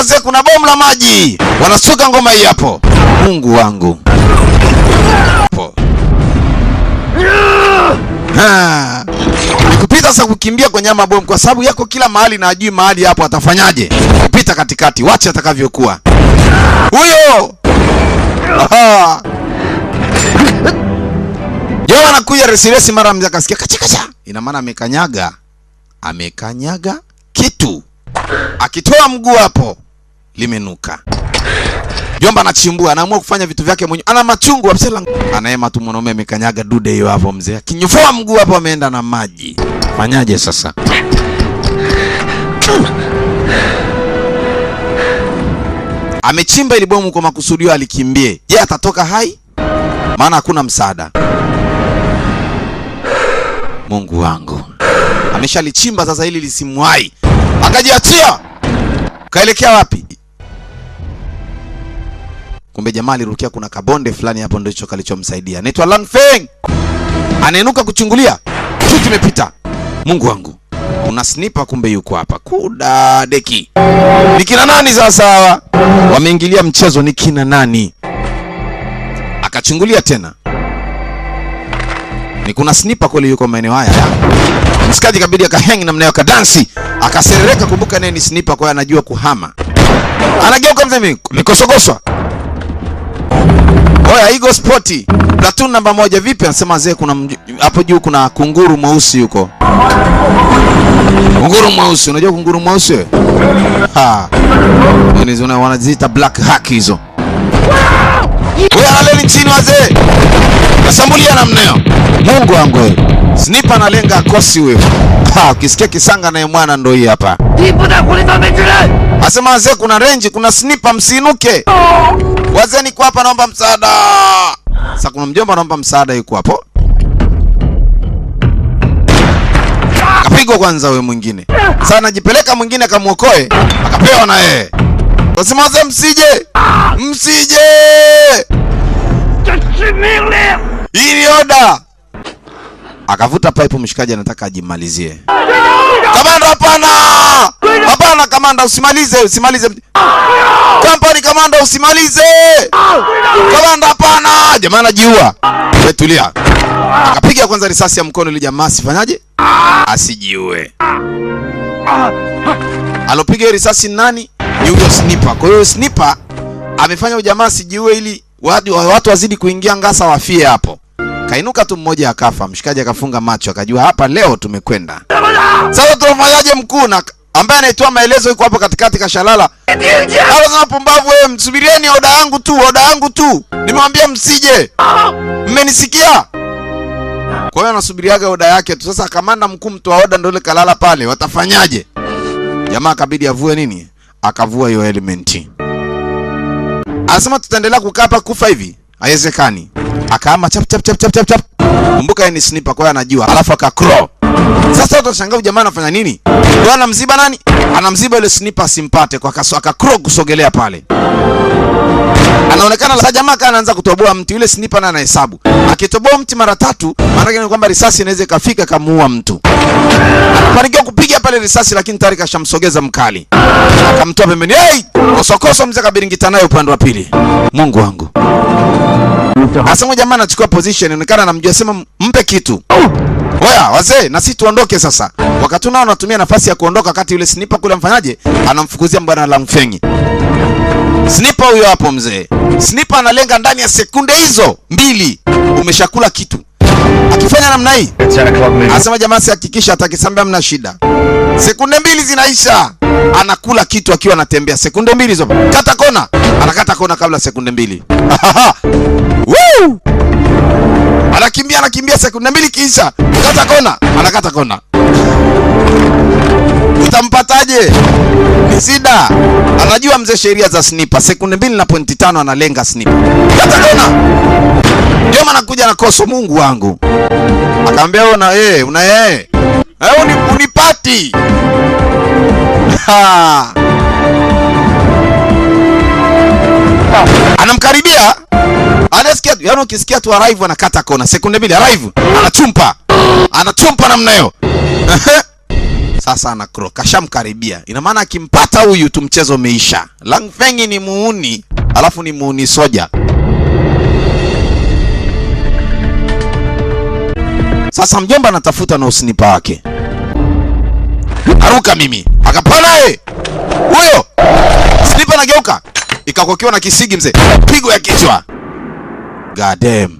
Mnaze, kuna bomu la maji, wanasuka ngoma hii hapo. Mungu wangu kupita sasa, kukimbia kwenye mabomu kwa sababu yako kila mahali na ajui mahali hapo atafanyaje kupita katikati, wache atakavyokuwa huyo. Jeo anakuja resi, mara mja kasikia kachakacha, ina maana amekanyaga amekanyaga kitu, akitoa mguu hapo limenuka. Jomba anachimbua, anaamua kufanya vitu vyake mwenyewe. Ana machungu absela. Anaema tu mwanaume amekanyaga dude hiyo hapo mzee. Akinyofua mguu hapo ameenda na maji. Fanyaje sasa? Amechimba ile bomu kwa makusudio alikimbie. Je, atatoka hai? Maana hakuna msaada. Mungu wangu. Ameshalichimba sasa ili lisimwai. Akajiachia. Kaelekea wapi? Kumbe jamaa alirukia, kuna kabonde fulani hapo ndicho kalichomsaidia. Naitwa Langfeng, anainuka kuchungulia, kitu kimepita. Mungu wangu, kuna sniper kumbe yuko hapa. Kuda deki, kina nani sasa hawa? Wameingilia mchezo, ni kina nani? Akachungulia tena, ni kuna sniper kweli yuko maeneo haya. Msikaji kabidi akahang namna hiyo, akadansi, akaserereka. Kumbuka naye ni sniper, kwa hiyo anajua kuhama, anageuka mzee, nikosogoswa Oya, Eagle Sport platoon namba moja, vipi? Anasema zee, kuna hapo juu kuna kunguru mweusi yuko. Kunguru mweusi, unajua kunguru mweusi Ha. Ah, unizona wanaziita black hack hizo. Wewe analeni chini wazee, nasambulia namna hiyo. Mungu wangu wewe, sniper analenga kosi wewe. Ha, ukisikia kisanga naye mwana ndo hii hapa. Asema wazee, kuna range, kuna sniper, msiinuke. Wazee niko hapa, naomba msaada. Sasa kuna mjomba anaomba msaada, yuko hapo. Kapigwa kwanza wewe mwingine. Sasa anajipeleka mwingine akamuokoe, akapewa na yeye. Wasema wazee, msije msije, ili oda akavuta pipe. Mshikaji anataka ajimalizie. Kamanda, hapana, hapana kamanda, usimalize, usimalize kampani. Kamanda, usimalize kamanda, hapana. Jamaa anajiua, tulia. Akapiga kwanza risasi ya mkono ili jamaa asifanyaje, asijiue. Alopiga hiyo risasi nani? Ni huyo sniper. Kwa hiyo sniper amefanya ujamaa asijiue ili watu, watu wazidi kuingia ngasa wafie hapo. Kainuka tu mmoja akafa, mshikaji akafunga macho akajua hapa leo tumekwenda. Sasa tunafanyaje mkuu na ambaye anaitoa maelezo yuko hapo katikati kashalala. Hapo sana pumbavu wewe, msubirieni oda yangu tu, oda yangu tu, nimemwambia msije, mmenisikia? Kwa hiyo anasubiriaga oda yake tu. Sasa kamanda mkuu mtoa oda ndio ile kalala pale, watafanyaje? Jamaa kabidi avue nini, akavua hiyo helmet. Anasema tutaendelea kukaa hapa kufa hivi, haiwezekani. Akaama chap chap chap chap chap, chap. kumbuka ni sniper, kwa hiyo anajua, alafu akacrawl sasa utashangaa jamaa anafanya nini? Ndio anamziba nani? Anamziba ile sniper asimpate kwa kaso crow kusogelea pale. Anaonekana la jamaa kana anaanza kutoboa mti yule sniper na anahesabu. Akitoboa mti mara tatu, maana yake ni kwamba risasi inaweza ikafika kamuua mtu. Anafanikiwa kupiga pale risasi lakini tayari kashamsogeza mkali. Akamtoa pembeni. Hey! Kosokoso mzee kabiringita nayo upande wa pili. Mungu wangu. Asema jamaa anachukua position, inaonekana anamjua, sema mpe kitu oya wazee, na sisi tuondoke sasa. Wakati unao anatumia nafasi ya kuondoka, wakati yule snipa kule mfanyaje, anamfukuzia bwana Langfengi. Snipa huyo hapo mzee, snipa analenga ndani ya sekunde hizo mbili, umeshakula kitu. Akifanya namna hii, anasema jamaa, si hakikisha atakisambia, mna shida. Sekunde mbili zinaisha, anakula kitu akiwa anatembea. Sekunde mbili hizo, kata kona, anakata kona kabla sekunde mbili anakimbia anakimbia, sekunde mbili kisha kata kona, anakata kona. Utampataje? Ni sida, anajua mzee sheria za sniper, Sekunde mbili na pointi tano analenga sniper, kata kona. Ndio maana kuja na koso, Mungu wangu akaambia wewe, una yeye eh, una eh, eh unipati anamkaribia anasikia tu, yaani, ukisikia tu arrive anakata kona, sekunde mbili arrive, anachumpa anachumpa namna hiyo Sasa ana cross kashamkaribia, ina maana akimpata huyu tu mchezo umeisha. Langfeng ni muuni, alafu ni muuni soja. Sasa mjomba anatafuta na usinipa wake, aruka mimi akapana ye huyo snipa, nageuka ikakokiwa na kisigi mzee, pigo ya kichwa. God damn.